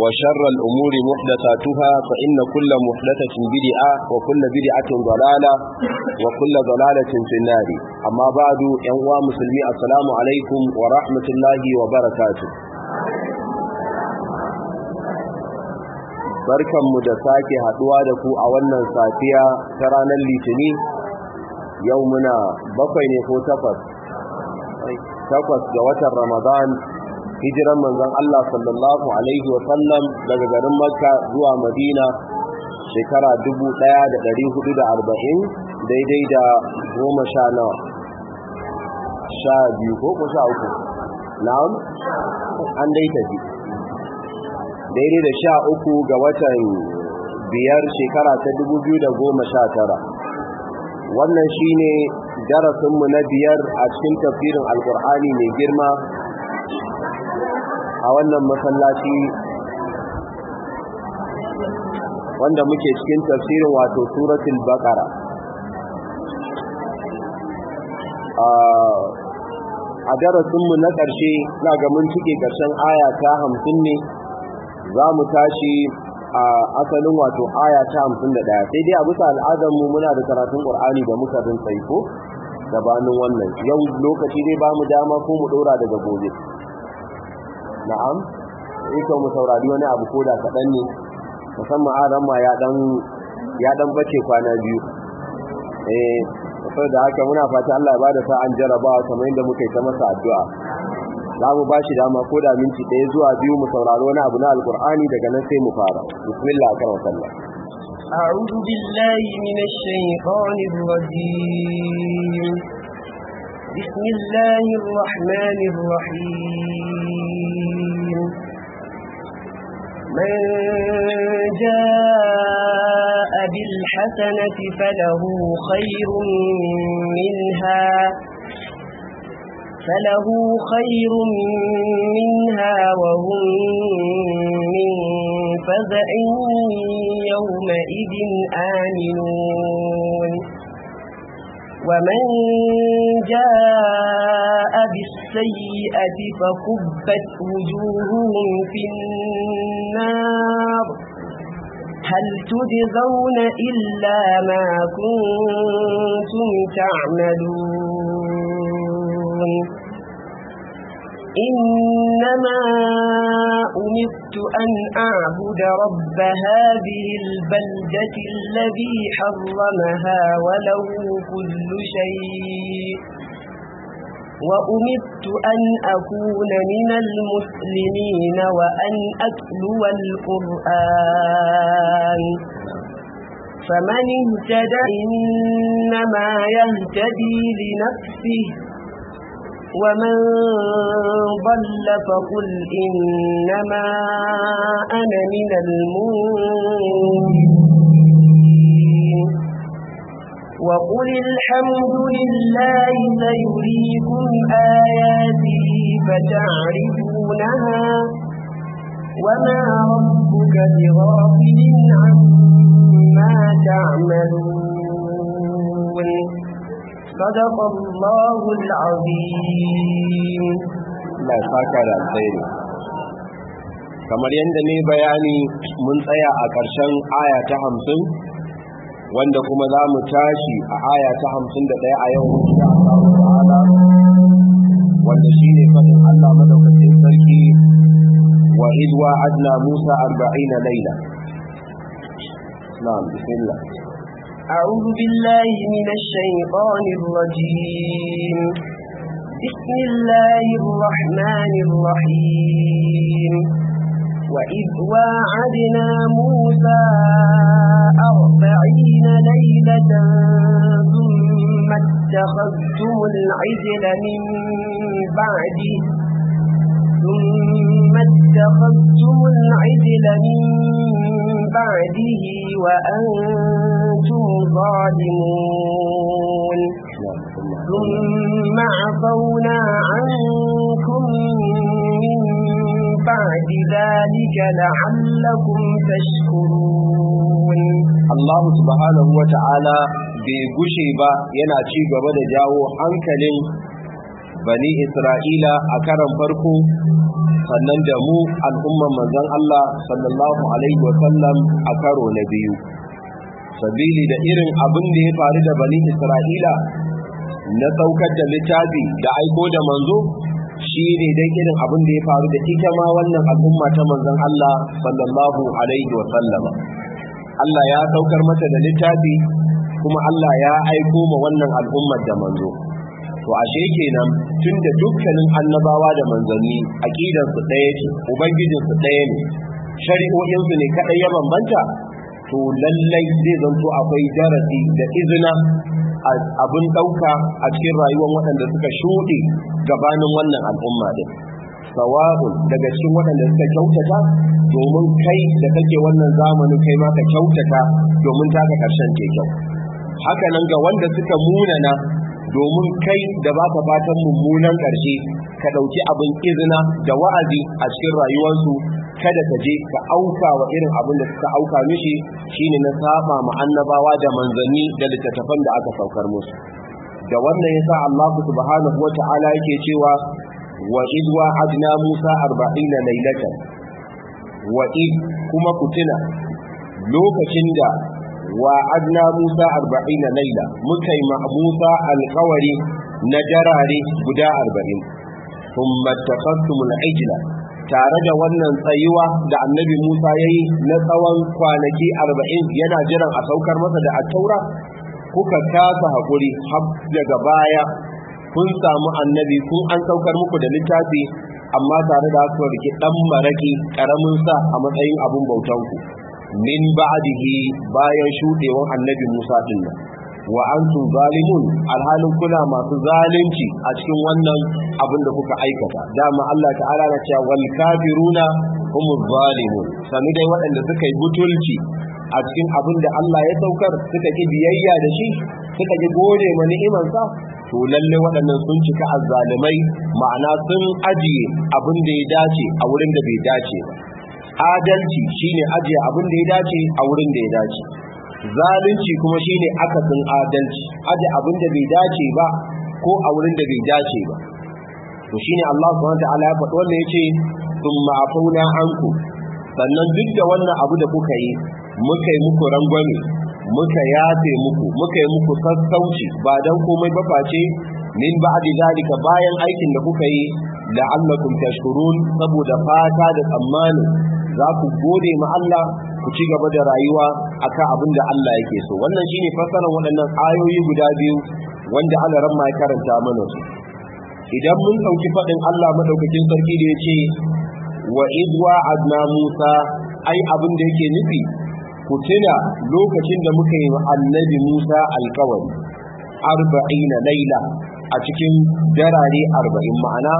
وشر الأمور محدثاتها فإن كل محدثة بدعة وكل بدعة ضلالة وكل ضلالة في النار أما بعد ينوى مسلمي السلام عليكم ورحمة الله وبركاته barkan mu da sake haduwa da ku a wannan safiya ta ranar litini yau muna bakwai ne ko takwas takwas ga watan ramadan hijiran manzon Allah sallallahu alaihi wa sallam daga garin Makka zuwa Madina shekara 1440 daidai da goma sha nawa sha biyu ko ko sha uku na'am an dai tafi daidai da sha uku ga watan biyar shekara ta 2019 wannan shine darasinmu na biyar a cikin tafsirin alkur'ani mai girma a wannan masallaci wanda muke cikin tafsirin wato suratul baqara a darasinmu na ƙarshe na ga mun cike ƙarshen aya ta hamsin ne za mu tashi a asalin wato aya ta hamsin da ɗaya sai dai a bisa al'adarmu muna da karatun ƙur'ani da muka rin da gabanin wannan yau lokaci dai ba mu dama ko mu ɗora daga gobe na'am ita mu saurari wani abu ko da kaɗan ne musamman aran ma ya ɗan bace kwana biyu eh da haka muna fata Allah ya bada sa'an jarabawa kamar da muka yi ta masa addu'a za mu ba shi dama ko da minti ɗaya zuwa biyu mu saurari wani abu na alkur'ani daga nan sai mu fara bismillah أعوذ بالله من الشيطان الرجيم بسم الله الرحمن الرحيم من جاء بالحسنة فله خير منها فله خير منها وهم من فزع يومئذ آمنون ومن جاء بالسيئة فكبت وجوههم في النار هل تجزون إلا ما كنتم تعملون إنما أمرت أردت أن أعبد رب هذه البلدة الذي حرمها ولو كل شيء وأمدت أن أكون من المسلمين وأن أتلو القرآن فمن اهتدى إنما يهتدي لنفسه ومن ضل فقل إنما أنا من المنكرين وقل الحمد لله سيريكم آياته فتعرفونها وما ربك بغافل عما تعملون صدق الله العظيم لا ساكا da alkhairi kamar yadda ne bayani mun tsaya a ƙarshen aya ta hamsin wanda kuma za mu tashi a aya ta hamsin da ɗaya a yau wanda shi ne fadin Allah madaukakin sarki wa idwa adna Musa arba'ina laila na'am bismillah أعوذ بالله من الشيطان الرجيم بسم الله الرحمن الرحيم وإذ واعدنا موسى أربعين ليلة ثم اتخذتم العجل من بعده ثم اتخذتم العجل من بعده وأنتم ظالمون ثم عفونا عنكم من بعد ذلك لعلكم تشكرون الله سبحانه وتعالى bai gushe ba yana ci gaba bani isra'ila a karan farko sannan da mu al'umman manzon Allah sallallahu alaihi wa Sallam a karo na biyu sabili da irin abin da ya faru da bani isra'ila na saukar da littafi da aiko da manzo shi ne dan irin abin da ya faru da ita ma wannan al'umma ta manzon Allah sallallahu alaihi wa Sallama. Allah ya saukar mata da littafi kuma Allah ya aiko ma wannan al'ummar da manzo to ashe kenan tunda dukkanin annabawa da manzanni aqidan su ɗaya ce ubangijin su ɗaya ne shari'o'in su ne kadai ya bambanta to lallai zai zanto akwai darasi da izina abin dauka a cikin rayuwar waɗanda suka shuɗe gabanin wannan al'umma din sawa'un daga cikin waɗanda suka kyautata domin kai da kake wannan zamanin kai ma ka kyautata domin taka karshen ke kyau haka nan ga wanda suka munana domin kai da baka fatan mummunan ƙarshe ka ɗauki abin izina da wa'azi a cikin rayuwarsu kada ka je ka auka wa irin abin da suka auka mishi shine na saba ma annabawa da manzanni da littattafan da aka saukar musu da wannan yasa Allah subhanahu wata'ala yake cewa wa id Musa 40 laylatan wa id kuma kutina lokacin da wa adna musa arba'ina laila muka yi musa alkawari na jarare guda arba'in thumma takhasumul ijla tare da wannan tsayuwa da annabi musa ya yi na tsawon kwanaki arba'in yana jiran a saukar masa da taura? kuka kasa haƙuri har daga baya kun samu annabi kun an saukar muku da littafi amma tare da haka rike dan maraki karamin sa a matsayin abun bautanku min ba'dihi bayan shudewan annabi Musa din nan wa antum zalimun alhalin kuna masu zalunci a cikin wannan abin da kuka aikata dama Allah ta'ala na cewa wal kafiruna hum zalimun sami dai waɗanda suka yi butulci a cikin abin da Allah ya saukar suka ki biyayya da shi suka ki gode ma sa to lalle waɗannan sun cika azzalumai ma'ana sun ajiye abin da ya dace a wurin da bai dace ba adalci shine ajiye abin da ya dace a wurin da ya dace zalunci kuma shine akasin adalci ajiye abin da bai dace ba ko a wurin da bai dace ba to shine Allah subhanahu wataala ya faɗi wannan yace thumma afuna anku sannan duk da wannan abu da kuka yi muka yi muku rangwame muka yafe muku muka yi muku sassauci ba dan komai ba face min ba'di zalika bayan aikin da kuka yi la'allakum tashkurun saboda fata da tsammani za ku gode ma Allah ku ci gaba da rayuwa akan abin da Allah yake so wannan shine fasaran waɗannan ayoyi guda biyu wanda Allah ran ya karanta mana su idan mun sauki faɗin Allah madaukakin sarki da yace wa idwa adna Musa ai abin da yake nufi ku tuna lokacin da muka yi annabi Musa alkawari arba'ina laila a cikin darare arba'in ma'ana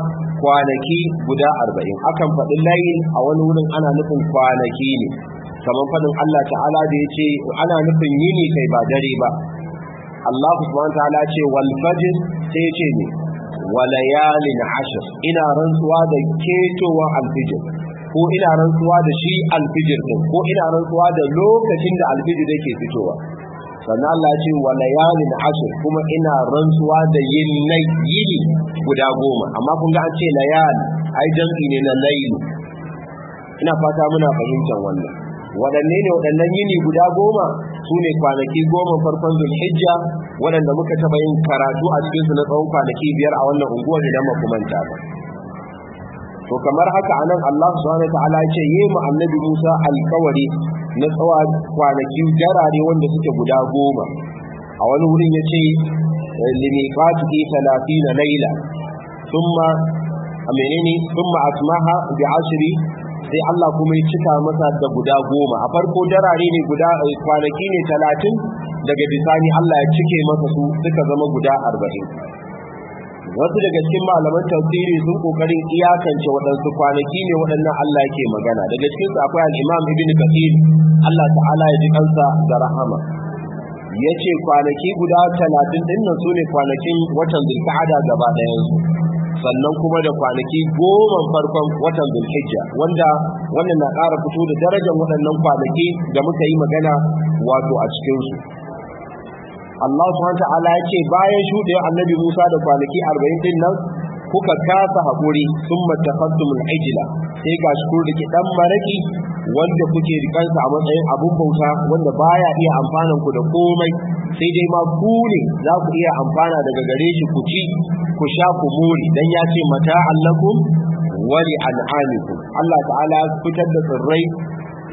kwanaki guda arba'in akan faɗin layin a wani wurin ana nufin kwanaki ne kamar faɗin Allah ta'ala da ya ce ana nufin yini kai ba dare ba Allah subhanahu ta'ala ce wal fajr sai ce ne walayalin ashir ina rantsuwa da ketowa alfijir ko ina rantsuwa da shi alfijir ko ina rantsuwa da lokacin da alfijir yake fitowa sannan Allah ya ce wa layalin kuma ina rantsuwa da yinnai yini guda goma amma kun ga an ce layal ai jam'i ne na layl ina fata muna fahimtar wannan waɗanne ne waɗannan yini guda goma su ne kwanaki goma farkon zulhijja waɗanda muka taɓa yin karatu a cikinsu na tsawon kwanaki biyar a wannan unguwar idan ba ba to kamar haka anan Allah subhanahu ta'ala ya ce yi mu annabi Musa alkawari na tsawa kwanaki jarare wanda suke guda goma a wani wurin ya ce eh, limiqatu na laila thumma amenene thumma asmaha bi ashri sai Allah kuma ya cika masa da guda goma a farko darare ne guda eh, kwanaki ne talatin daga bisani Allah ya cike masa su suka zama guda arba'in wasu daga cikin malaman tafsiri sun kokarin iyakance waɗansu kwanaki ne waɗannan Allah ke magana daga cikin su akwai al-Imam Ibn Kathir Allah ta'ala ya ji kansa da rahama yace kwanaki guda 30 din nan sune kwanakin watan Zulqa'ada gaba da sannan kuma da kwanaki goma farkon watan Zulhijja wanda wannan na ƙara fito da darajar waɗannan kwanaki da muka yi magana wato a cikin su Allah subhanahu ta'ala ya ce bayan shuɗewa annabi Musa da kwanaki 40 din nan kuka kasa haƙuri sun matakattum al'ajila sai ga shi riki ɗan maraƙi wanda kuke rikansa a matsayin abun bauta wanda baya iya amfanan ku da komai sai dai ma ku ne za ku iya amfana daga gare shi ku ci ku sha ku more dan ya ce mata allakum wa li an'amikum Allah ta'ala fitar da tsirrai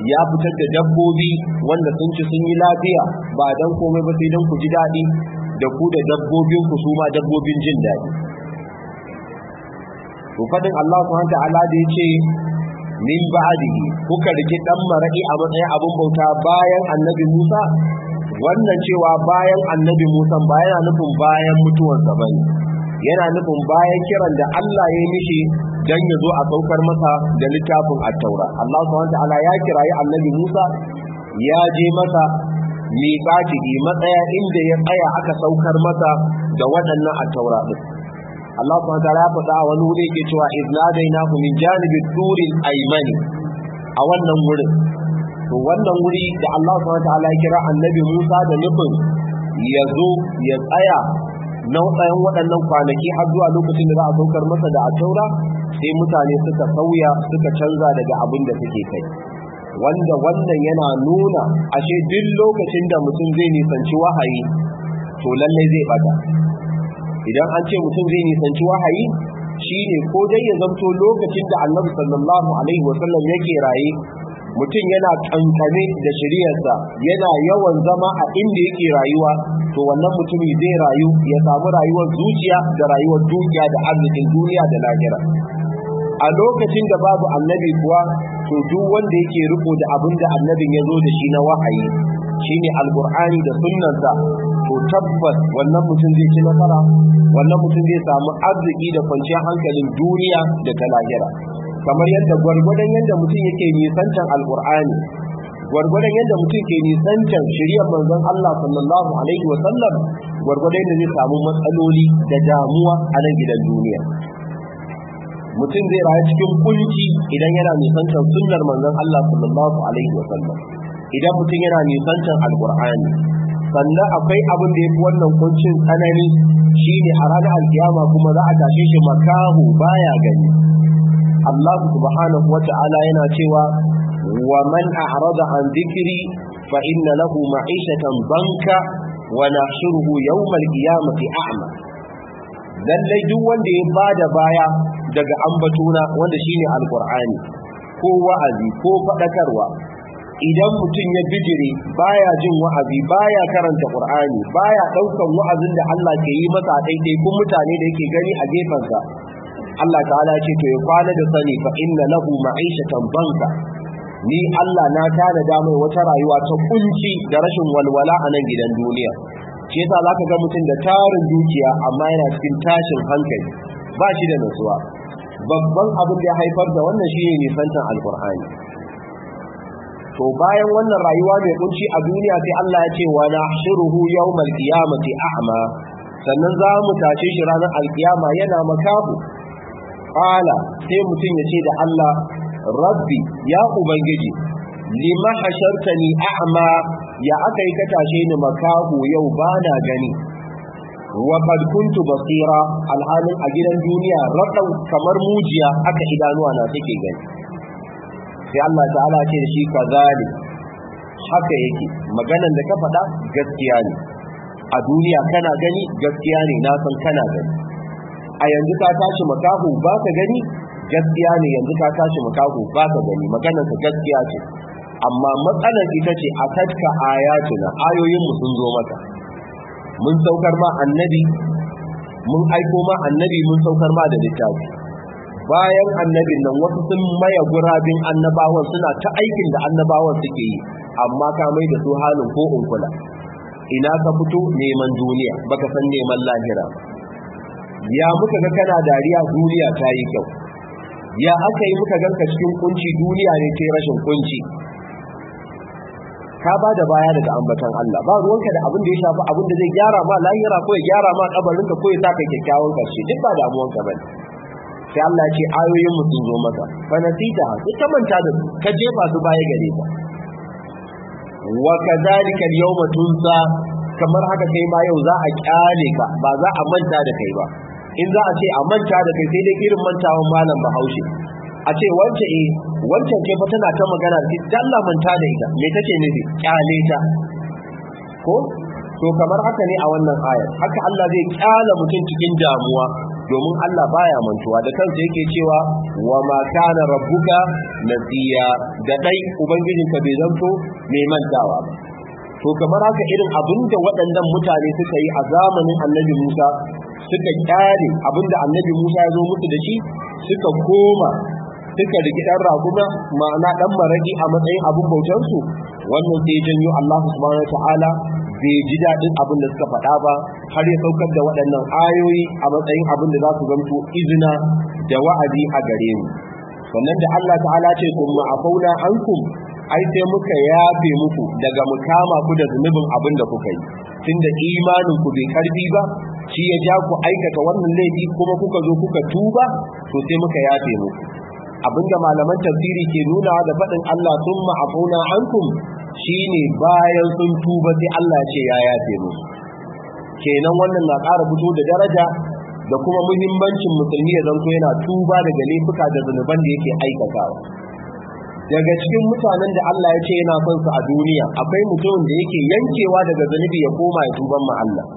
ya fitar da dabbobi wanda sun ci sun yi lafiya ba dan komai ba sai dan ku ji daɗi da ku da dabbobin ku su ma dabbobin jin daɗi to fadin Allah subhanahu ta'ala da yace min ba'dihi kuka rike dan mara'i a matsayin abun bauta bayan annabi Musa wannan cewa bayan annabi Musa ba yana nufin bayan mutuwarsa bane yana nufin bayan kiran da Allah ya yi mishi dan ya zo a saukar masa da littafin at-taura Allah subhanahu ta'ala ya kirayi annabi Musa ya je masa miqatihi matsaya inda ya tsaya aka saukar masa da waɗannan at-taura din Allah subhanahu ta'ala ya faɗa a wani wuri yake cewa ku min janibi turil aymani a wannan wurin to wannan wuri da Allah subhanahu ta'ala ya kira annabi Musa da nufin ya zo ya tsaya na waɗannan kwanaki har zuwa lokacin da za a saukar masa da a taura sai mutane suka sauya suka canza daga abin da suke kai wanda wannan yana nuna ashe duk lokacin da mutum zai nisanci wahayi to lallai zai bata idan an ce mutum zai nisanci wahayi shine ko dai ya zanto lokacin da annabi sallallahu alaihi wasallam yake raye mutum yana kankane da shiriyarsa yana yawan zama a inda yake rayuwa to wannan mutumi zai rayu ya samu rayuwar zuciya da rayuwar dukiya da arzikin duniya da lahira a lokacin da babu annabi kuwa to duk wanda yake riko da abin da annabin ya zo da shi na wahayi shine alqur'ani da sunnarsa to tabbas wannan mutum zai ci nasara wannan mutum zai samu arziki da kwanciyar hankalin duniya da ta lahira kamar yadda gwargwadon yadda mutum yake nisancan alkur'ani gwargwadon yadda mutum ke nisancan shirya manzon Allah sallallahu alaihi wa sallam gwargwadon yadda zai samu matsaloli da damuwa a nan gidan duniya mutum zai rayu cikin kunci idan yana nisancan sunnar manzon Allah sallallahu alaihi wa sallam idan mutum yana nisancan alkur'ani sannan akwai abin da ya fi wannan kuncin tsanani shine a ranar alkiyama kuma za a tashe shi makahu baya gani Allah subhanahu wa ta'ala yana cewa wa man a'rada an dhikri fa inna lahu ma'ishatan banka wa nahshuruhu yawmal qiyamati a'ma lallai duk wanda ya bada baya daga ambatuna wanda shine alqur'ani ko wa'azi ko fadakarwa idan mutum ya bijire baya jin wa'azi baya karanta qur'ani baya daukan wa'azin da Allah ke yi masa a daidai kun mutane da yake gani a gefensa Allah ta'ala ce to ya kwana da sani fa inna lahu ma'ishatan banka ni Allah na da mai wata rayuwa ta kunci da rashin walwala a nan gidan duniya shi yasa zaka ga mutum da tarin dukiya amma yana cikin tashin hankali ba shi da nutsuwa babban abin da ya haifar da wannan shine nisantan alkur'ani to bayan wannan rayuwa mai kunci a duniya sai Allah ya ce wa nahshuruhu yawmal qiyamati a'ma sannan za mu tashe shi ranar alkiyama yana makafu qala sai mutum ya ce da Allah rabbi ya ubangiji lima ni a'ma ya aka yi katashe ni makahu yau bana gani wa qad kuntu basira alhalin a gidan duniya rakan kamar mujiya aka idanuwa na take gani sai Allah ta'ala ce da shi kazali haka yake maganan da ka faɗa gaskiya ne a duniya kana gani gaskiya ne na san kana gani a yanzu ka tashi makahu ba ka gani gaskiya ne yanzu ka tashi makahu ba ka gani maganar ka gaskiya ce amma matsalar ita ce a tatka ayatuna ayoyin mu sun zo maka mun saukar ma annabi mun aiko ma annabi mun saukar ma da littafi bayan annabin nan wasu sun maya gurabin annabawan suna ta aikin da annabawan suke yi amma ka mai da su halin ko unkula. ina ka fito neman duniya baka san neman lahira ba ya muka ga kana dariya duniya ta yi kyau ya aka yi muka ganka cikin kunci duniya ne ta rashin kunci ka ba da baya daga ambatan Allah ba ruwanka da abin da ya shafi abin da zai gyara ma lahira ko ya gyara ma kabarinka ko ya saka kyakkyawan karshe duk ba ka bane sai Allah ce ayoyin mu sun zo maka fa nasita sai ta manta da su ka jefa su baya gare ka wa kadhalika al-yawma tunsa kamar haka kai ma yau za a kyale ka ba za a manta da kai ba in za a ce a manta da kai sai dai irin mantawan malam bahaushe a ce wance eh wancan ke fa tana ta magana ki dalla manta da ita me take nufi kyale ta ko to kamar haka ne a wannan ayat haka Allah zai kyala mutum cikin damuwa domin Allah baya mantuwa da kansa yake cewa wa ma kana rabbuka nasiya da dai ka bai zanto mai mantawa ba to kamar haka irin abin da waɗannan mutane suka yi a zamanin annabi Musa suka kyare abinda annabi Musa ya zo mutu da shi suka koma suka riki dan raguna ma'ana dan maradi a matsayin abin bautansu wannan sai janyo Allah subhanahu wataala bai ji daɗin abin da suka faɗa ba har ya saukar da waɗannan ayoyi a matsayin abin da za su zamto izina da wa'azi a gare mu sannan da Allah ta'ala ce kuma fauna hankum ai sai muka yafe muku daga mukama ku da zunubin abin da kuka yi tunda imanin ku bai karbi ba shi ya ja ku aikata wannan laifi kuma kuka zo kuka tuba to sai muka yafe muku abinda malaman tafsiri ke nuna da faɗin Allah sun ma'afuna ankum shine bayan sun tuba sai Allah ce ya yafe musu kenan wannan na ƙara fito da daraja da kuma muhimmancin musulmi ya zanto yana tuba daga laifuka da zunuban da yake aikatawa daga cikin mutanen da Allah ya ce yana son su a duniya akwai mutumin da yake yankewa daga zunubi ya koma ya tuban ma Allah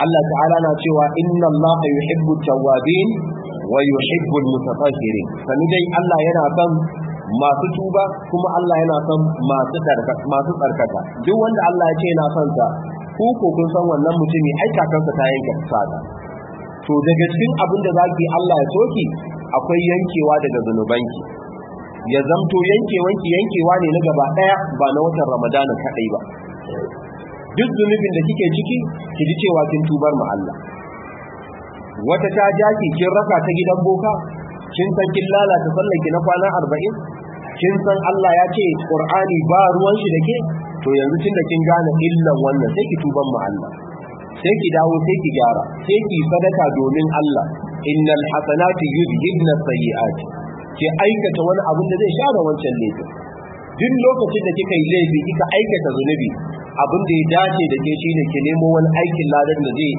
Allah ta'ala na cewa inna Allah yuhibbu tawwabin wa yuhibbu al-mutatahhirin sani dai Allah yana son masu tuba kuma Allah yana son masu masu tsarkaka duk wanda Allah ya ce yana son sa ko kun san wannan mutumi ai kakansa ta yanke sada to daga cikin abin da zaki Allah ya soki akwai yankewa daga zanubanki ya zamto yankewanki yankewa ne na gaba daya ba na watan Ramadana kadai ba duk zunubin da kike ciki ki ji cewa kin tubar ma Allah wata ta jaki kin raka ta gidan boka kin san kin lalata sallaki na kwana 40 kin san Allah ya ce Qur'ani ba ruwan shi dake to yanzu da kin gane illan wannan sai ki tubar ma Allah sai ki dawo sai ki gyara sai ki sadaka domin Allah innal hasanati yuzhibna sayyi'ati ki aikata wani abin da zai share wancan laifin duk lokacin da kika yi laifi kika aikata zunubi abin da ya dace da ke shine ki nemo wani aikin ladar da zai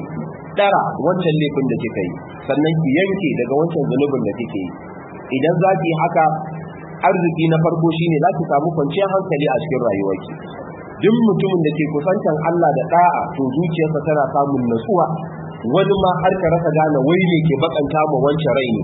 dara wancan laifin da kika yi sannan ki yanke daga wancan zunubin da kike yi idan za ki haka arziki na farko shine za ki samu kwanciyar hankali a cikin rayuwarki duk mutumin da ke kusantar Allah da da'a to zuciyarsa tana samun natsuwa wani ma har ka rasa gane wai ne ke bakanta ma wancan rai ne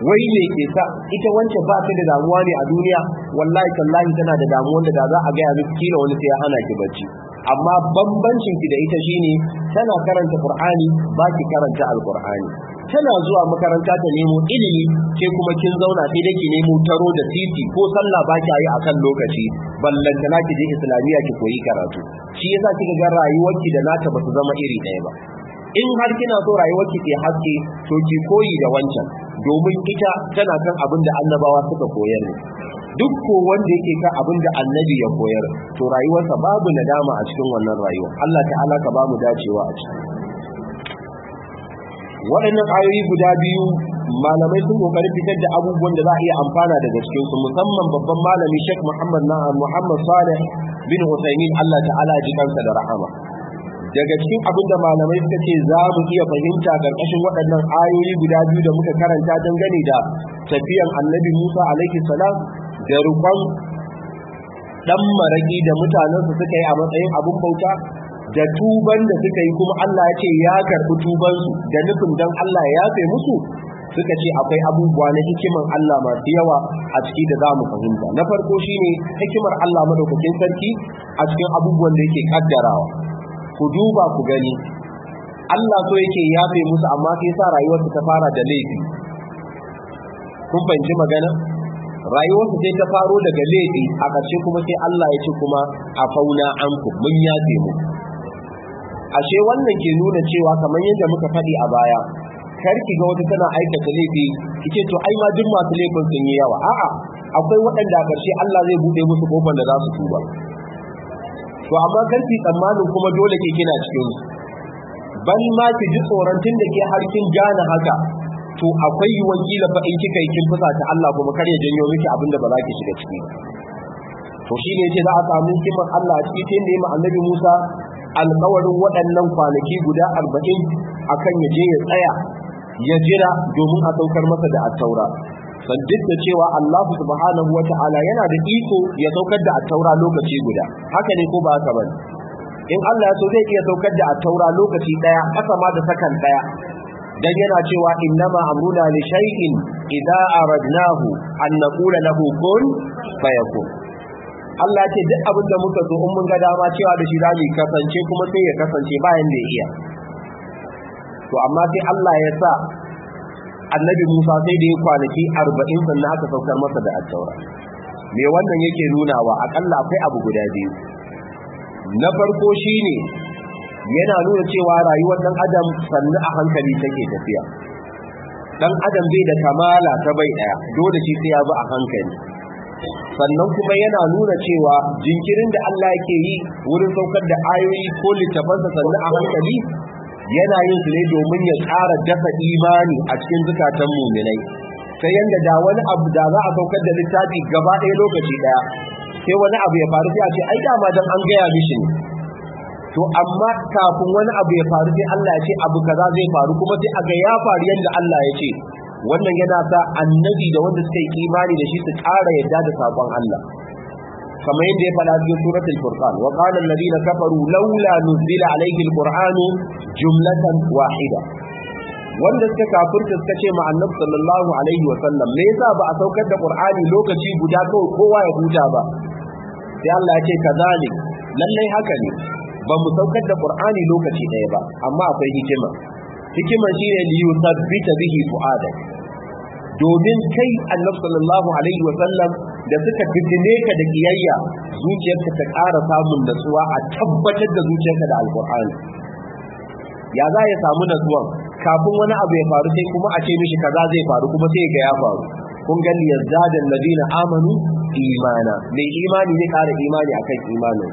wai ne ke sa ita wancan ba ta da damuwa ne a duniya wallahi tallahi tana da damuwa da za a gaya miki kila wani sai ya hana ki bacci amma bambancin ki da ita shine tana karanta Qur'ani ba ki karanta Al-Qur'ani tana zuwa makaranta ta nemo ilimi ke kuma kin zauna sai dake nemo taro da titi ko sallah ba ki yi akan lokaci ballanta na ki je islamiyya ki koyi karatu shi yasa kika ga rayuwarki da nata ba su zama iri ɗaya ba in har kina so rayuwarki ta haske to ki koyi da wancan domin ita tana kan abin da annabawa suka koyar ne duk ko wanda yake kan abin da annabi ya koyar to rayuwarsa babu nadama a cikin wannan rayuwa Allah ta'ala ka bamu dacewa a ciki waɗannan ayoyi guda biyu malamai sun kokarin fitar da abubuwan da za a iya amfana daga cikin su musamman babban malami Sheikh Muhammad na Muhammad Saleh bin Uthaymeen Allah ta'ala ji kansa da rahama daga cikin abin da malamai suka ce za mu iya fahimta karkashin waɗannan ayoyi guda biyu da muka karanta dangane da tafiyan Annabi Musa alaihi salam da dan maraki da mutanensu suka yi a matsayin abun bauta da tuban da suka yi kuma Allah ya ce ya karɓi tubansu da nufin dan Allah ya yafe musu suka ce akwai abubuwa na hikiman Allah masu yawa a ciki da za mu fahimta na farko shine hikimar Allah madaukakin sarki a cikin abubuwan da yake kaddarawa ku duba ku gani Allah so yake yafe musu amma sai sa rayuwarsu ta fara da laifi kun fahimci magana rayuwarsu sai ta faro daga laifi a ƙarshe kuma sai Allah ya ce kuma a fauna anku mun yafe mu ashe wannan ke nuna cewa kamar yadda muka faɗi a baya kar ki ga wata tana aikata laifi kike to ai ma duk masu laifin sun yi yawa a'a akwai waɗanda a ƙarshe Allah zai buɗe musu kofar da za su tuba to amma kar ki tsammanin kuma dole ke kina cikin su ban ma ki ji tsoron tun da ke harkin kin gane haka to akwai wakila fa in kika yi kin ta Allah kuma kar ya janyo miki abinda ba za ki shiga ciki to shine yace za a samu kiman Allah a cikin da ya annabi Musa alkawarin waɗannan kwanaki guda arba'in akan ya je ya tsaya ya jira domin a saukar masa da attaura san duk da cewa Allah subhanahu ta'ala yana da iko ya saukar da attaura lokaci guda haka ne ko ba haka bane in Allah ya so zai iya saukar da attaura lokaci daya kasa ma da sakan daya dan yana cewa innama amruna li shay'in idza aradnahu an naqula lahu kun fayakun Allah ce duk abin da muka zo in mun ga dama cewa da shi zai kasance kuma sai ya kasance bayan da ya iya to amma sai Allah ya sa annabi Musa sai da ya kwanaki 40 sannan aka saukar masa da alƙawara. me wannan yake nunawa akalla akwai abu guda biyu na farko shine yana nuna cewa rayuwar dan adam sannu a hankali take tafiya dan adam bai da kamala ta bai daya dole shi sai ya bi a hankali sannan kuma yana nuna cewa jinkirin da Allah yake yi wurin saukar da ayoyi ko sa sannu a hankali yana yin su ne domin ya tsara dafa imani a cikin zukatan muminai ta yanda da wani abu da za a saukar da littafi gaba ɗaya lokaci ɗaya sai wani abu ya faru sai a ce ai dama dan an gaya mishi ne to amma kafin wani abu ya faru sai Allah ya ce abu kaza zai faru kuma sai aga ya faru yadda Allah ya ce wannan yana sa annabi da wanda suka yi imani da shi su ƙara yadda da sakon Allah kamar yadda ya faɗa cikin suratul furqan wa qala alladhina kafaru laula nuzila alayhi alqur'anu jumlatan wahida wanda suka kafirta suka ce ma annabi sallallahu alaihi wa sallam me yasa ba a saukar da qur'ani lokaci guda kawai kowa ya huta ba sai Allah ya ce kazalik lallai haka ne ba mu saukar da qur'ani lokaci ɗaya ba amma akwai hikima hikima shine li yuthabbita bihi fu'adak domin kai annabi sallallahu alaihi wa sallam da suka fitine ka da kiyayya zuciyarka ta ƙara samun natsuwa a tabbatar da zuciyarka da alqur'ani ya za ya samu natsuwan kafin wani abu ya faru sai kuma a ce mishi kaza zai faru kuma sai ga ya faru kun ga yazzadan ladina amanu imana mai imani ne ƙara imani akan imanin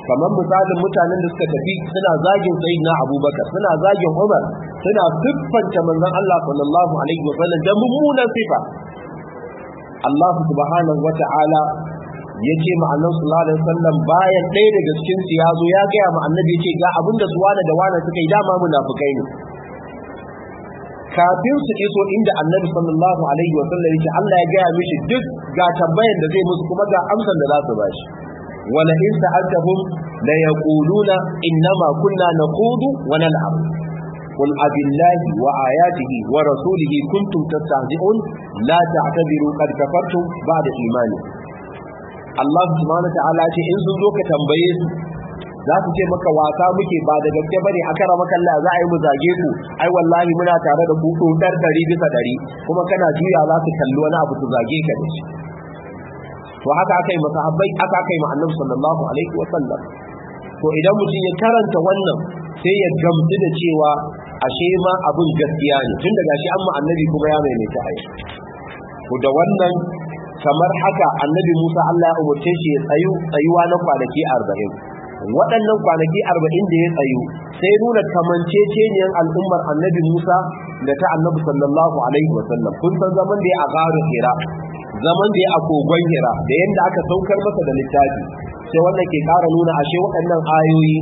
kamar misalin mutanen da suka tafi suna zagin na abubakar suna zagin umar suna siffanta manzon Allah sallallahu alaihi wa sallam da mummunan sifa Allah subhanahu wa ta'ala ya ce ma annabi sallallahu alaihi wasallam bayan ɗaya daga cikin su ya zo ya gaya ma annabi yace ga abin da su wani da wani suka yi dama munafukai ne kafin su iso inda annabi sallallahu alaihi wa wasallam yace Allah ya gaya mishi duk ga tambayar da zai musu kuma ga amsar da za su bashi wala in na la yaquluna innama kunna naqudu wa nal'ab قل أبالله وآياته ورسوله كنتم تستهزئون لا تعتذروا قد كفرتم بعد إيمانكم Allah subhanahu ta'ala ce in sun zo ka tambaye su za su ce maka wasa muke ba da ba ne a rama kalla za a yi mu zage ku ai wallahi muna tare da ku dar dari bisa dari kuma kana juya za su kalli wani abu su zage ka da shi to haka aka yi masahabbai aka sallallahu alaihi wa sallam to idan mutum ya karanta wannan sai ya gamsu da cewa ashe ma abin gaskiya ne Tunda gashi amma annabi kuma ya maimaita ai da wannan kamar haka annabi Musa Allah ya umarce shi ya tsayu tsayuwa na kwanaki 40 waɗannan kwanaki 40 da ya tsayu sai nuna kamanceceniyar al'ummar annabi Musa da ta annabi sallallahu alaihi wasallam kun san zaman da ya a garin Hira zaman da ya a kogon hira da yadda aka saukar masa da littafi sai wannan ke ƙara nuna ashe waɗannan ayoyi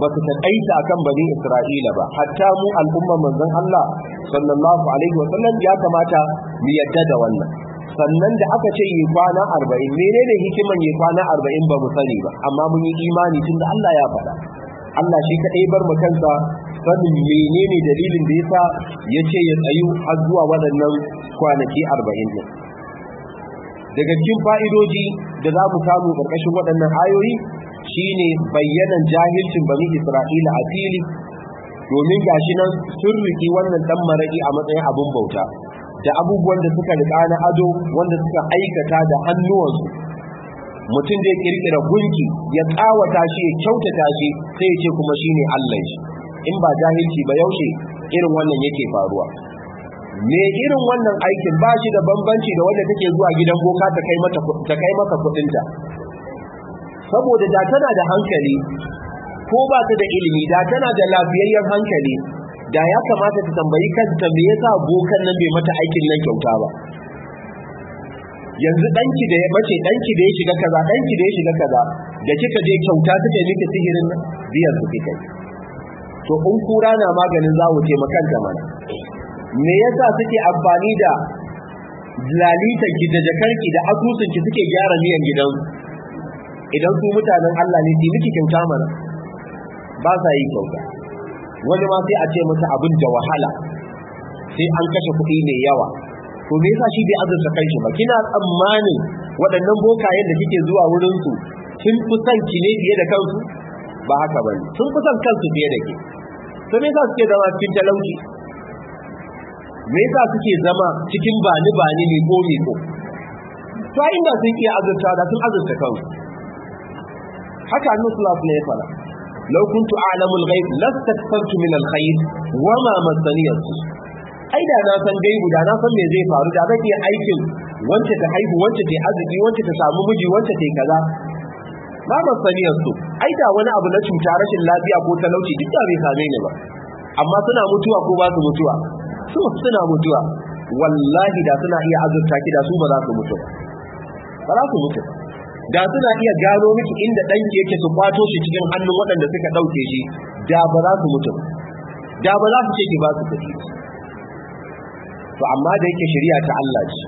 ba su taƙaita akan bani isra'ila ba hatta mu al'umma manzon Allah sallallahu alaihi wa sallam ya kamata mu yadda da wannan sannan da aka ce yi kwana arba'in menene hikiman yi kwana arba'in ba mu sani ba amma mun yi imani tun da Allah ya faɗa Allah shi kaɗai bar mu kansa sanin menene dalilin da yasa ya ce ya tsayu har zuwa waɗannan kwanaki arba'in ne daga cikin fa'idoji da za mu samu ƙarƙashin waɗannan ayoyi shine bayyanan jahilcin bani Isra'ila a fili domin gashi nan sun riki wannan ɗan maraki a matsayin abun bauta da abubuwan da suka riƙa na ado wanda suka aikata da hannuwansu mutum da ya kirkira gunki ya tsawata shi ya kyautata shi sai ya ce kuma shine Allah shi in ba jahilci ba yaushe irin wannan yake faruwa me irin wannan aikin ba shi da bambanci da wanda take zuwa gidan boka ta kai mata ta maka kudin saboda da tana da hankali ko ba ta da ilimi da tana da lafiyayyen hankali da ya kamata ta tambayi kanta me yasa bokan nan bai mata aikin nan kyauta ba yanzu danki da ya bace danki da ya shiga kaza danki da ya shiga kaza da kika je kyauta take miki sihirin biyan su kike to in kura na maganin zawo ce makan mana me yasa suke amfani da lalitan ki da jakarki da asusun ki suke gyara miyan gidan idan su mutanen Allah ne su miki kin mana ba sa yi kyauta wani ma sai a ce masa abin da wahala sai an kashe kuɗi mai yawa to me yasa shi bai azurta kanshi ba kina tsammanin waɗannan bokayen da kike zuwa wurin su sun fi son ki ne fiye da kansu ba haka bane sun fi son kansu fiye da ke Sai me yasa suke zama cikin talauci me yasa suke zama cikin bani bani ne ko ne ko to inda sun iya azurta da sun azurta kansu haka annu sallallahu alaihi wasallam law kuntu a'lamu al-ghaib lastakthartu min al khayr wa ma masani ai da na san gaibu da na san me zai faru da zan iya aikin wacce ta haihu wacce ta azubi wacce ta samu miji wacce ta kaza ba masani su ai da wani abu na cuta rashin lafiya ko talauci duk da bai same ni ba amma suna mutuwa ko ba su mutuwa su suna mutuwa wallahi da suna iya azurta ki da su ba za su mutu ba za su mutu da suna iya gano miki inda danki yake su kwato shi cikin hannun waɗanda suka ɗauke shi da ba za su mutu da ba za su ce ki ba su kuɗi to amma da yake shari'a ta Allah ce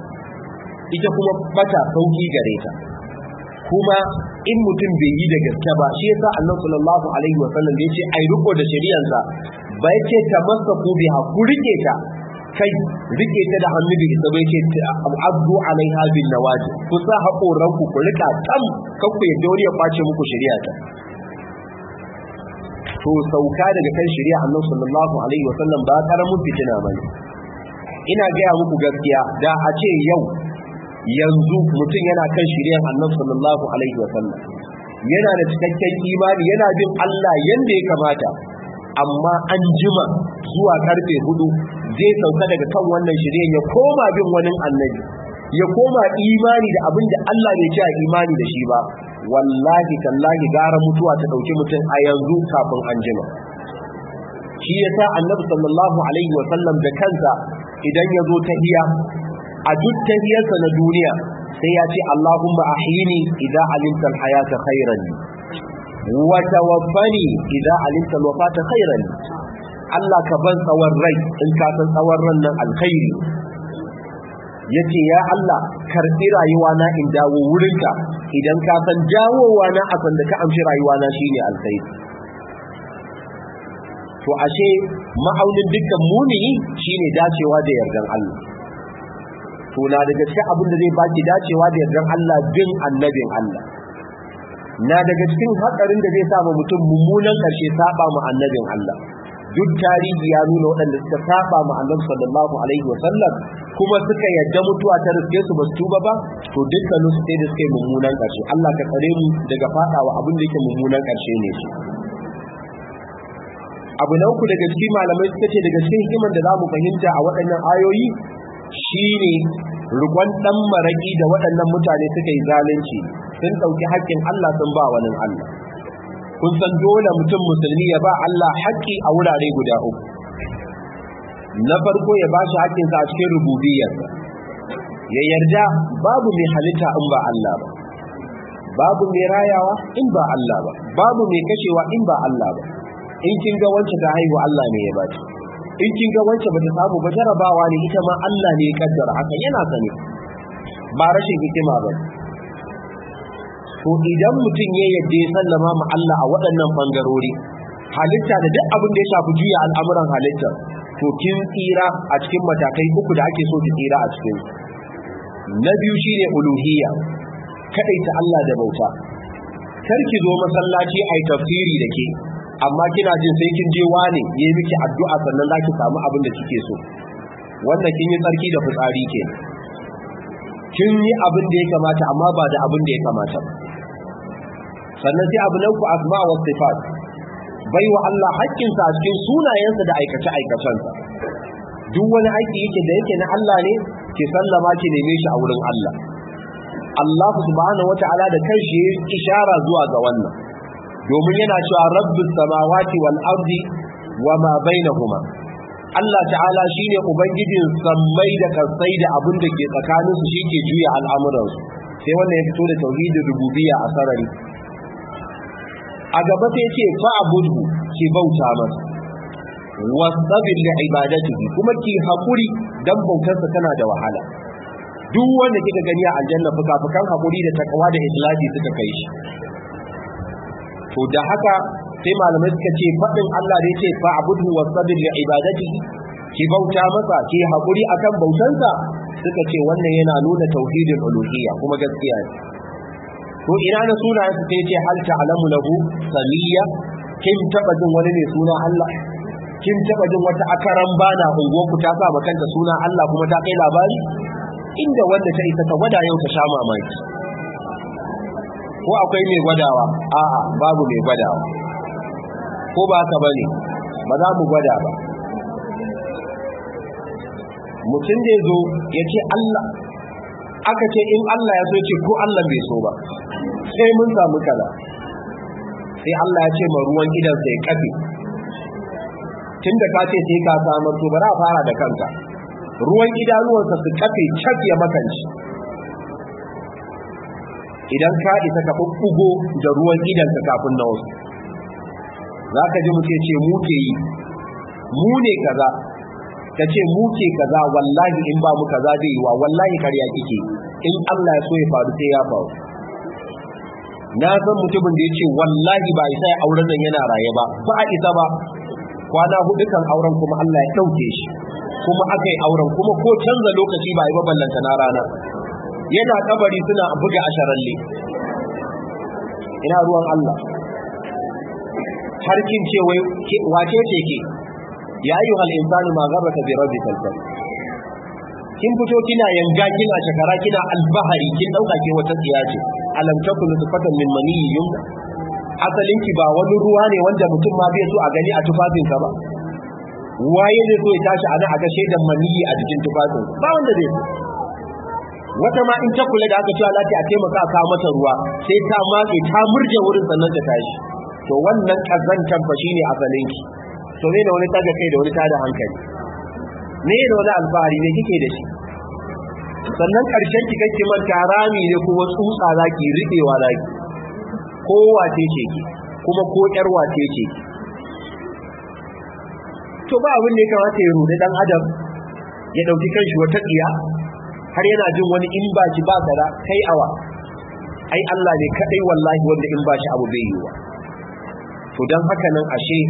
ita kuma bata sauki gare ta kuma in mutum bai yi da gaske ba shi yasa Allah sallallahu alaihi wa sallam ce ai riko da shari'ansa ba yake ta masa bi ha ku rike ta kai rike ta da hannu bi sabai bai ce abdu alai hadin nawaji ku sa haƙoran ku ku rika tam kan ku yadda wani ya kwace muku shari'a ta to sauka daga kan shari'a annabi sallallahu alaihi wasallam ba karamin fitina bane ina gaya muku gaskiya da a ce yau yanzu mutum yana kan shirya annabi sallallahu alaihi wa yana da cikakken imani yana bin Allah yanda ya kamata amma an jima zuwa karfe hudu zai sauka daga kan wannan shirin ya koma bin wani annabi ya koma imani da abin da Allah bai ce a imani da shi ba wallahi tallahi gara mutuwa ta dauki mutum a yanzu kafin an jima shi yasa annabi sallallahu alaihi wa sallam da kansa idan ya zo tahiya a duk tahiyarsa na duniya sai ya ce Allahumma ahyini idza alimta al-hayata khairan Wata wa idan idza alimta alwafata khairan Allah ka ban tsawon rai in ka san tsawon rannan nan alkhairi yace ya Allah karbi rayuwana in dawo wurinka idan ka san dawowa na a sanda ka amshi rayuwa na shine alkhairi to ashe ma'aunin dukkan mumini shine dacewa da yardan Allah to na daga cikin abin da zai baki dacewa da yardan Allah bin annabin Allah na daga cikin hatsarin da zai sa ma mutum mummunan karshe saba mu annabin Allah duk tarihi ya nuna waɗanda suka saba mu annabi sallallahu alaihi wasallam kuma suka yadda mutuwa ta riske su ba su tuba ba to dukkanin su sai da suka mummunan karshe Allah ka tsare mu daga fadawa abin da yake mummunan karshe ne su abu na uku daga cikin malamai suka ce daga cikin hikiman da za mu fahimta a waɗannan ayoyi shine rukon ɗan maraƙi da waɗannan mutane suka yi zalunci sun ɗauki haƙƙin Allah sun ba wani Allah kun san dole mutum musulmi ya ba Allah haƙƙi a wurare guda uku na farko ya ba shi haƙƙinsa a cikin rububiyarsa ya yarda babu mai halitta in ba Allah ba babu mai rayawa in ba Allah ba babu mai kashewa in ba Allah ba in kin ga wacce ta haihu Allah ne ya bata in kin ga wacce bata samu ba jarabawa ne ita ma Allah ne ya kaddara haka yana sani ba rashin hikima ba to idan mutum ya yadda ya sallama ma Allah a waɗannan bangarori halitta da duk abin da ya shafi juya al'amuran halitta to kin tsira a cikin matakai uku da ake so ki tsira a cikin na biyu shine uluhiyya ta Allah da bauta Kar ki zo masallaci ai tafsiri da ke amma kina jin sai kin je wani yayi miki addu'a sannan zaki samu abin da kike so wannan kin yi tsarki da fitsari ke kin yi abin da ya kamata amma ba da abin da ya kamata sannan sai abu na asma wa sifat bai wa Allah haƙƙinsa a cikin sunayensa da aikace aikacensa duk wani aiki yake da yake na Allah ne ke sallama ke neme shi a wurin Allah Allah subhanahu wata'ala da kanshi ya ishara zuwa ga wannan domin yana cewa rabbus samawati wal ardi wa ma bainahuma Allah ta'ala shine ubangijin sammai da kansai da abin da ke tsakaninsu shi ke juya al'amuransu sai wannan ya fito da tauhidin rububiyya a sarari a gaba sai ce fa abudu ki bauta masa wasabir li ibadatihi kuma ki hakuri dan bautarsa tana da wahala duk wanda kika gani a aljanna fuka-fukan hakuri da takawa da ikhlasi suka kai shi to da haka sai malamai suka ce fadin Allah da yace fa abudu wasabir li ibadatihi ki bauta masa ki hakuri akan bautansa suka ce wannan yana nuna tauhidin uluhiyya kuma gaskiya ne to ina na sunayen su sai ce hal alamu lahu samiyya kin taba jin wani ne suna Allah kin taba jin wata akaran bana unguwar ku ta sa kanta suna Allah kuma ta kai labari inda wanda ta isa ta gwada yau ta sha mamaki ko akwai mai gwadawa a'a babu mai gwadawa ko ba ka bane ba za mu gwada ba mutum da ya zo ya ce Allah aka ce in Allah ya so ce ko Allah bai so ba sai mun samu kaza sai Allah ya ce ma ruwan gidan sai kafe tunda ka ce sai ka samu to bara fara da kanka ruwan idanuwansa su kafe cak ya makanci idan ka isa ka bubbugo da ruwan ka kafin na wasu za ka ji muke ce mu ke yi mu ne kaza ka ce mu ke kaza wallahi in ba mu kaza zai yi wa wallahi karya kike in Allah ya so ya faru sai ya faru na san mutumin da ya ce wallahi ba isa ya auren nan yana raye ba ba a isa ba kwana hudu kan auren kuma Allah ya dauke shi kuma aka yi auren kuma ko canza lokaci ba yi ba ballanta na rana yana kabari suna buga a sharalle ina ruwan Allah harkin ce wai wace ce ke ya yi ayyuhal insanu ma gharraka da rabbikal kin fito kina yanga kina shakara kina albahari kin dauka ke wata tsiya ce alam takun tufatan min maniyyin asalin ki ba wani ruwa ne wanda mutum ma bai so a gani a tufafinsa ba waye ne so ya tashi ana a ga shaidan maniyi a jikin tufafin ba wanda zai so wata ma in ta kula da aka cewa lati a taimaka a kawo mata ruwa sai ta matse ta murje wurin sannan ta tashi to wannan kazantar fa shine asalin ki to ne da wani taga kai da wani tada hankali ne da wani alfahari ne kike da shi sannan ƙarshen ki kake manta rami ne kuma tsutsa zaki riɗewa zaki ko wace ce ki kuma ko ƴar wace ce ki to ba abin da ya kamata ya rude dan adam ya dauki kanshi wata tsiya har yana jin wani in ba ki ba gara kai awa ai Allah ne kaɗai wallahi wanda in ba shi abu bai yi wa to dan haka nan ashe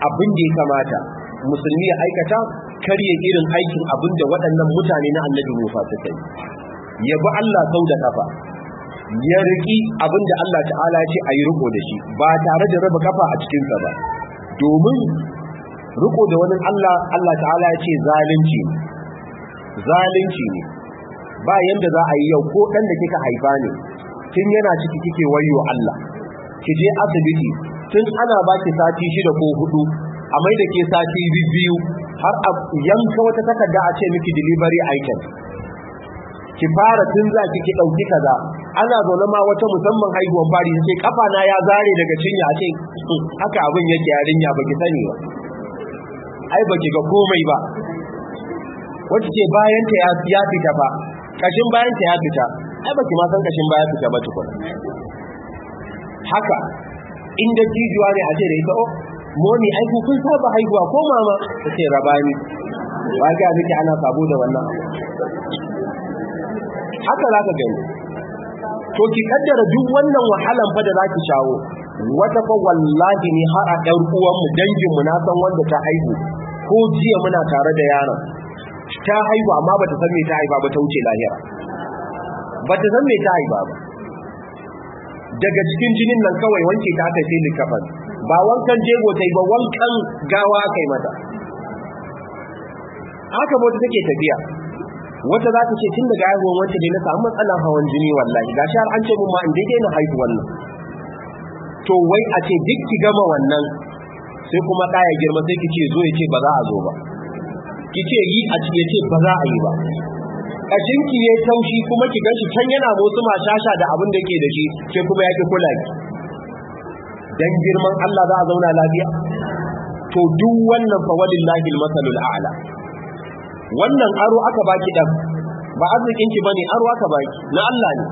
abin da ya kamata musulmi ya aikata karye irin aikin abin da waɗannan mutane na annabi Musa suka yi ya bi Allah sau da kafa ya riki abin da Allah ta'ala ya ce a yi riko da shi ba tare da raba kafa a cikinsa ba domin riko da wani Allah Allah ta'ala ya ce zalunci zalunci ne ba yanda za a yi yau ko ɗan da kika haifa ne tun yana ciki kike wayo Allah ki je asibiti tun ana baki sati shida ko hudu a mai da ke sati biyu har a yanka wata takarda a ce miki delivery item ki fara tun za ki ɗauki kaza ana zaune ma wata musamman haihuwar fari ta ce kafa na ya zare daga cinya ce hmm, haka abin yake yarinya ba ki sani ba ai ba ki ga komai ba wacce ce bayanta ya fita ba kashin bayanta ya fita ai ba ki ma san kashin bayan fita ba tukun haka in da jijuwa ne a ce da ita oh momi ai ku kun saba haihuwa ko mama ta ce rabani ba ga miki ana sabo da wannan haka za ka gani to ki kaddara duk wannan wahalan fa da za ki shawo wata fa wallahi ni har a ɗan dangin danginmu na san wanda ta haihu ko jiya muna tare da yaron ta haihu amma bata san me ta haifa ba ta wuce lahira bata san me ta haifa ba daga cikin jinin nan kawai wanke ta aka sai likafan ba wankan jego ta yi ba wankan gawa aka yi mata haka mota take tafiya wata za ta ce tun daga haihuwar wacce dai na samu matsalar hawan jini wallahi ga har an ce mun ma in dai na haihuwar nan to wai a ce duk ki gama wannan sai kuma ɗaya girma sai ki ce zo ya ce ba za a zo ba ki ce yi a ce ba za a yi ba kajinki ya taushi kuma ki gashi can yana motsi shasha da abin da ke da shi ke kuma ya ki kula ki dan girman Allah za a zauna lafiya to duk wannan fa walillahi almasalul a'la wannan aro aka baki dan ba arzikin ki bane aro aka baki na Allah ne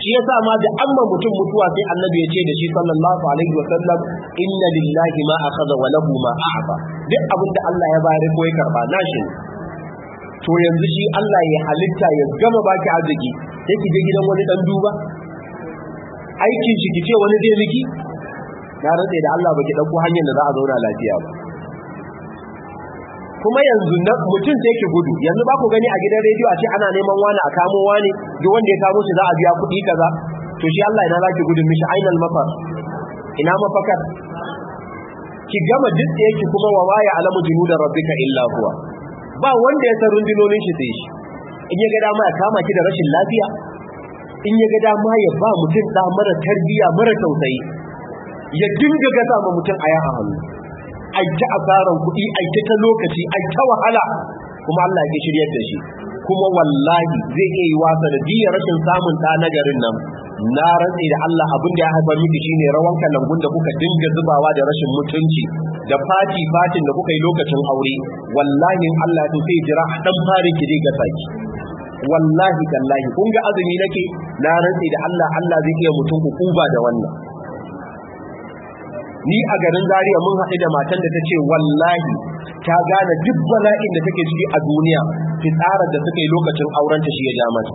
shi yasa ma da amma mutum mutuwa sai annabi ya ce da shi sallallahu alaihi wa sallam inna lillahi ma akhadha wa lahu ma a'ta duk abin da Allah ya bayar ko ya karba nashi ne to yanzu shi Allah ya halitta ya gama baki arziki sai ki je gidan wani dan duba aikin shi ce wani zai miki na rantsa da Allah baki dauko hanyar da za a zauna lafiya ba kuma yanzu na mutum sai ki gudu yanzu ba ku gani a gidan rediyo a ce ana neman wani a kamo wani duk wanda ya kamo shi za a biya kuɗi kaza to shi Allah ina zaki gudun mishi ainal mafar ina mafakar ki gama duk da yake kuma wa waya alamu junudan rabbika illa huwa ba wanda ya san rundunonin shi sai shi in ya ga dama ya kama ki da rashin lafiya in ya ga dama ya ba mutum da mara tarbiyya mara tausayi ya dinga ga ma mutum a yaha hannu A ta asaran kuɗi ai ta lokaci a ta wahala kuma Allah ya shiryar da shi kuma wallahi zai iya yi wasa da rashin samun ɗa na garin nan na rantsi da Allah abin da ya haifar miki shine rawan kalangun da kuka dinga zubawa da rashin mutunci da fati fatin da kuka yi lokacin aure wallahi Allah ya sai jira dan fare ki ga saki wallahi kallahi kun ga azumi nake na rantsi da Allah Allah zai iya mutum ku kuba da wannan ni a garin Zaria mun haɗu da matan da tace wallahi ta gane duk bala'in da take ciki a duniya fitsarar da suka yi lokacin aurenta shi ya ja mata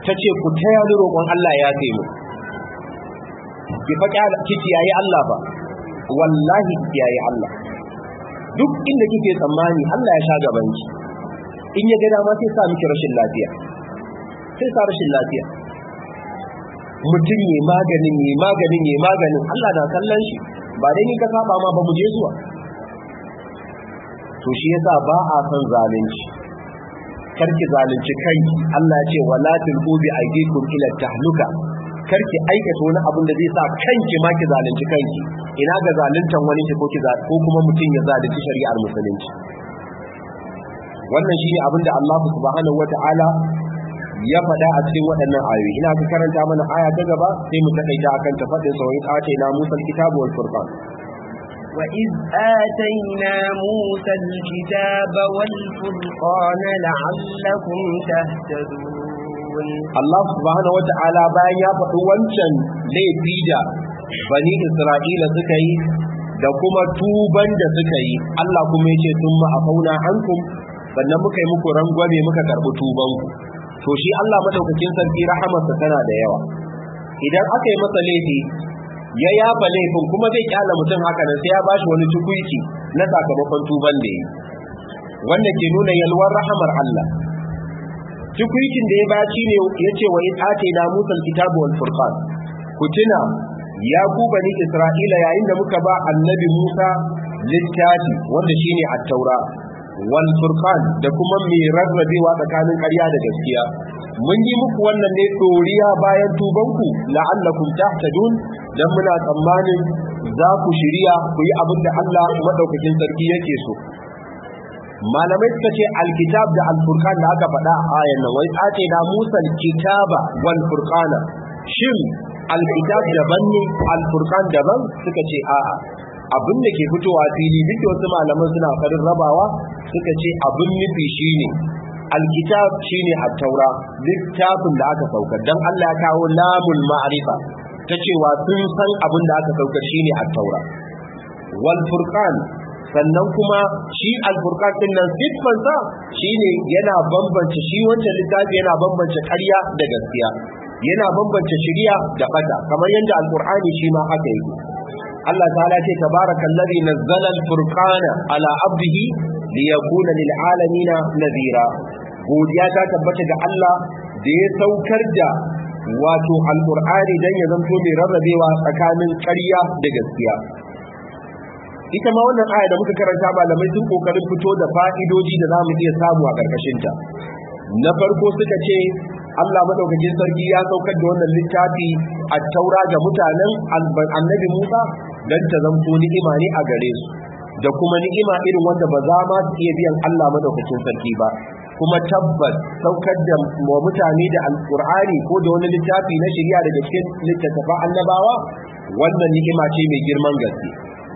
ta ce ku taya ni roƙon Allah ya ce mu ki faƙa ki kiyaye Allah ba wallahi ki kiyaye Allah duk inda kike tsammani Allah ya sha gaban in ya ga dama sai sa miki rashin lafiya sai sa rashin lafiya mutum ne maganin ne maganin ne maganin Allah na kallon shi ba dai ni ka saba ma ba mu je zuwa to shi yasa ba a son zalunci karki zalunci kai Allah ya ce wala tulqu bi aydikum ila tahluka karki aikata wani abun da zai sa kanki ma ki zalunci kanki ina ga zaluntan wani ki ko ki ko kuma mutum ya zalunci shari'ar musulunci wannan shine abin da Allah subhanahu wataala ya faɗa a cikin waɗannan ayoyi ina ka karanta mana aya ta gaba sai mu takaita akan faɗin sauyin ta ce na musal kitabu wal furqan وإذ آتينا موسى الكتاب والفرقان لعلكم تهتدون الله سبحانه وتعالى باين يا فدوانcan laifi da bani Isra'ila suka yi da kuma tuban da suka yi Allah kuma ma a fauna ankum sannan muka yi muku rangwame muka karɓi tuban ku to shi Allah madaukakin sarki rahamarsa tana da yawa idan aka yi masa laifi ya yafa laifin kuma zai kyala mutum haka nan sai ya bashi wani tukuici na sakamakon tuban da yi wanda ke nuna yalwar rahamar Allah tukuicin da ya ba shi ne yace wa in na musa kitabu wal furqan ku tuna ya ku bani isra'ila yayin da muka ba annabi musa littafi wanda shine at-taura wal furqan da kuma mai rarrabewa tsakanin ƙarya da gaskiya mun yi muku wannan ne doriya bayan tubanku la'allakum tahtadun dan muna tsammanin za ku shirya ku yi abin da Allah madaukakin sarki yake so malamai suka ce alkitab da alfurqan da aka faɗa a ayan nan wai ace da Musa kitaba wal furqana shin alkitab daban ne alfurqan daban suka ce a'a abin da ke fitowa fili duk wasu malaman suna farin rabawa suka ce abin nufi shine alkitab shine at-taura littafin da aka saukar dan Allah ya kawo lamul ma'rifa ta cewa sun san abin da aka saukar shine at-taura wal furqan sannan kuma shi al-furqan din nan sifan sa shine yana bambance shi wancan littafi yana bambance ƙarya da gaskiya yana bambance shiriya da ƙasa, kamar yadda al-qur'ani shi ma haka yi. Allah ta'ala ce tabarakallazi nazzala al-furqana ala abdihi liyakuna lil na nadhira godiya ta tabbata ga Allah da ya saukar da wato Alƙur'ani dan ya zanto mai rarrabewa tsakanin ƙarya da gaskiya ita ma wannan aya da muka karanta malamai sun kokarin fito da fa'idoji da zamu iya samu a karkashin ta na farko suka ce Allah madaukakin sarki ya saukar da wannan littafi a taura ga mutanen annabi Musa dan ta zanto ni'ima ne a gare su da kuma ni'ima irin wanda ba za ma su iya biyan Allah madaukakin sarki ba kuma tabbas saukar da wa mutane da alkur'ani ko da wani littafi na shirya daga cikin littattafan annabawa wannan ni'ima ce mai girman gaske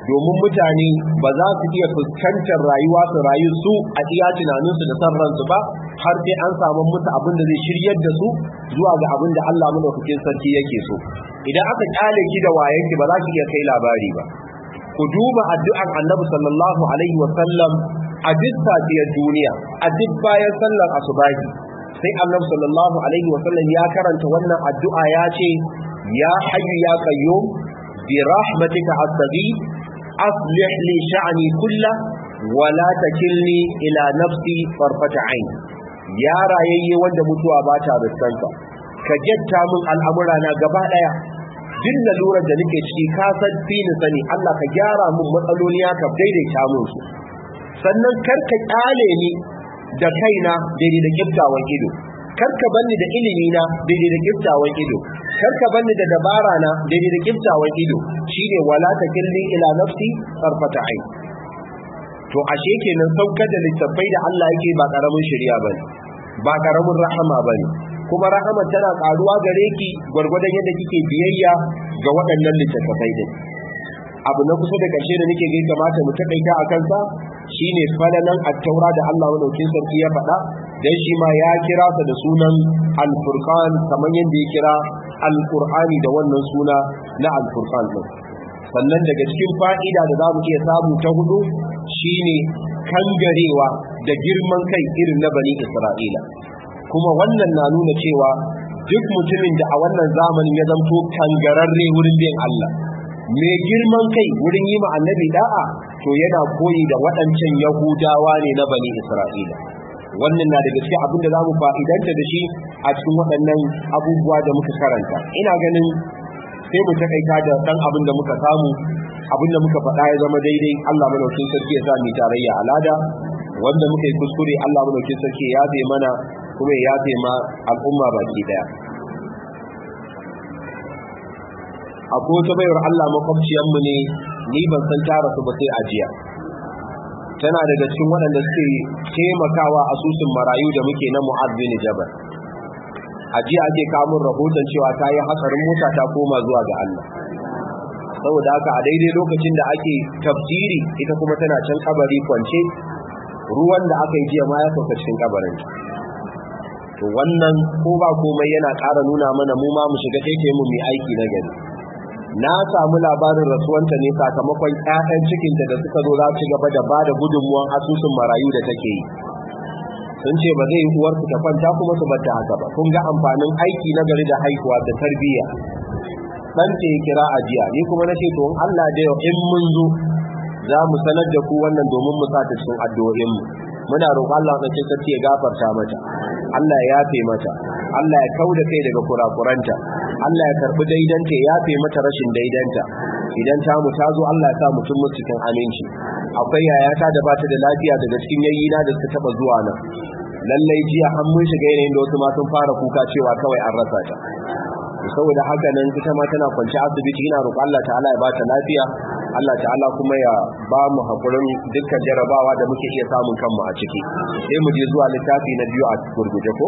domin mutane ba za su iya fuskantar rayuwa su rayu su a iya tunaninsu da ransu ba har sai an samu musu abin da zai shiryar da su zuwa ga abin da Allah madaukakin sarki yake so idan aka kyale ki da wayanki ba za ki iya kai labari ba ku duba addu'ar Annabi sallallahu alaihi wa sallam a duk safiyar duniya a duk bayan sallar asubahi sai annabi sallallahu alaihi wa sallam ya karanta wannan addu'a ya ce ya hayyu ya qayyum bi rahmatika astaghi aslih li sha'ni kulla wa la takilni ila nafsi farfata ayn ya rayayye wanda mutuwa ba ta riskansa ka jatta min al'amura na gaba daya duk lalurar da nake ciki ka san sani Allah ka gyara mun matsaloliya ka daidaita mun su sannan karka kyale ni da kaina daidai da kiftawan ido karka banni da ilimi na daidai da kiftawan ido karka banni da dabara na daidai da kiftawan ido shine wala takilli ila nafsi tarfata ai to ashe kenan saukar da littattafai da Allah yake ba karamin shari'a bane ba karamin rahama bane kuma rahama tana karuwa gare ki gwargwadon yadda kike biyayya ga waɗannan littattafai din abu na kusa da kashe da nake ga kamata mu takaita a kansa shine falalan attaura da Allah madaukin sarki ya faɗa don shi ma ya kira sa da sunan al kamar yadda ya kira al-qur'ani da wannan suna na al-furqan din sannan daga cikin fa'ida da za mu iya samu ta hudu shine kangarewa da girman kai irin na bani Isra'ila kuma wannan na nuna cewa duk mutumin da a wannan zamanin ya zanto kangararre wurin bin Allah mai girman kai wurin yi ma annabi da'a to yana koyi da waɗancan yahudawa ne na bani isra'ila wannan na da gaske abin da za mu fa'idanta da shi a cikin waɗannan abubuwa da muka karanta ina ganin sai mu kaita da ɗan abin da muka samu abin da muka faɗa ya zama daidai Allah madaukin sarki ya sa mu tarayya alada wanda muka yi kuskure Allah madaukin sarki ya bai mana kuma ya bai ma al'umma baki ɗaya. akwai ta baiwar Allah makwabciyarmu mu ne ni ban san ta rasu ba sai ajiya tana daga cikin waɗanda suke taimakawa asusun marayu da muke na Mu'adh Jabal ajiya ake kamun rahoton cewa ta yi hatsarin mota ta koma zuwa ga Allah saboda haka a daidai lokacin da ake tafsiri ita kuma tana can kabari kwance ruwan da aka yi jiya ma ya sauka cikin kabarin to wannan ko ba komai yana ƙara nuna mana mu ma mu shiga take mu mai aiki na gari na samu labarin rasuwanta ne sakamakon 'ya'yan cikinta da suka zo za su gaba da ba da gudunmuwan asusun marayu da take yi sun ce ba zai yi uwarsu ta kwanta kuma su bata haka ba kun ga amfanin aiki na gari da haihuwa da tarbiyya dan ce kira ajiya ni kuma na ce to Allah da yau in mun zo za mu sanar da ku wannan domin mu sa ta cikin addu'o'in mu muna roƙon Allah da sarki ya gafarta mata Allah ya yafe mata Allah ya kauda kai daga kurakuranta Allah ya karbi daidanta ya yafe mata rashin daidanta idan ta mu ta zo Allah ya sa mutum cikin aminci akwai yayata da bata da lafiya daga cikin yayyina da suka taba zuwa nan lallai jiya an mun shiga yanayin da wasu ma sun fara kuka cewa kawai an rasa ta saboda haka nan ita ma tana kwanci asibiti ina roƙon Allah ta'ala ya bata lafiya Allah ta'ala kuma ya ba mu hakurin dukkan jarabawa da muke iya samun kanmu a ciki sai mu je zuwa littafi na biyu a gurguje ko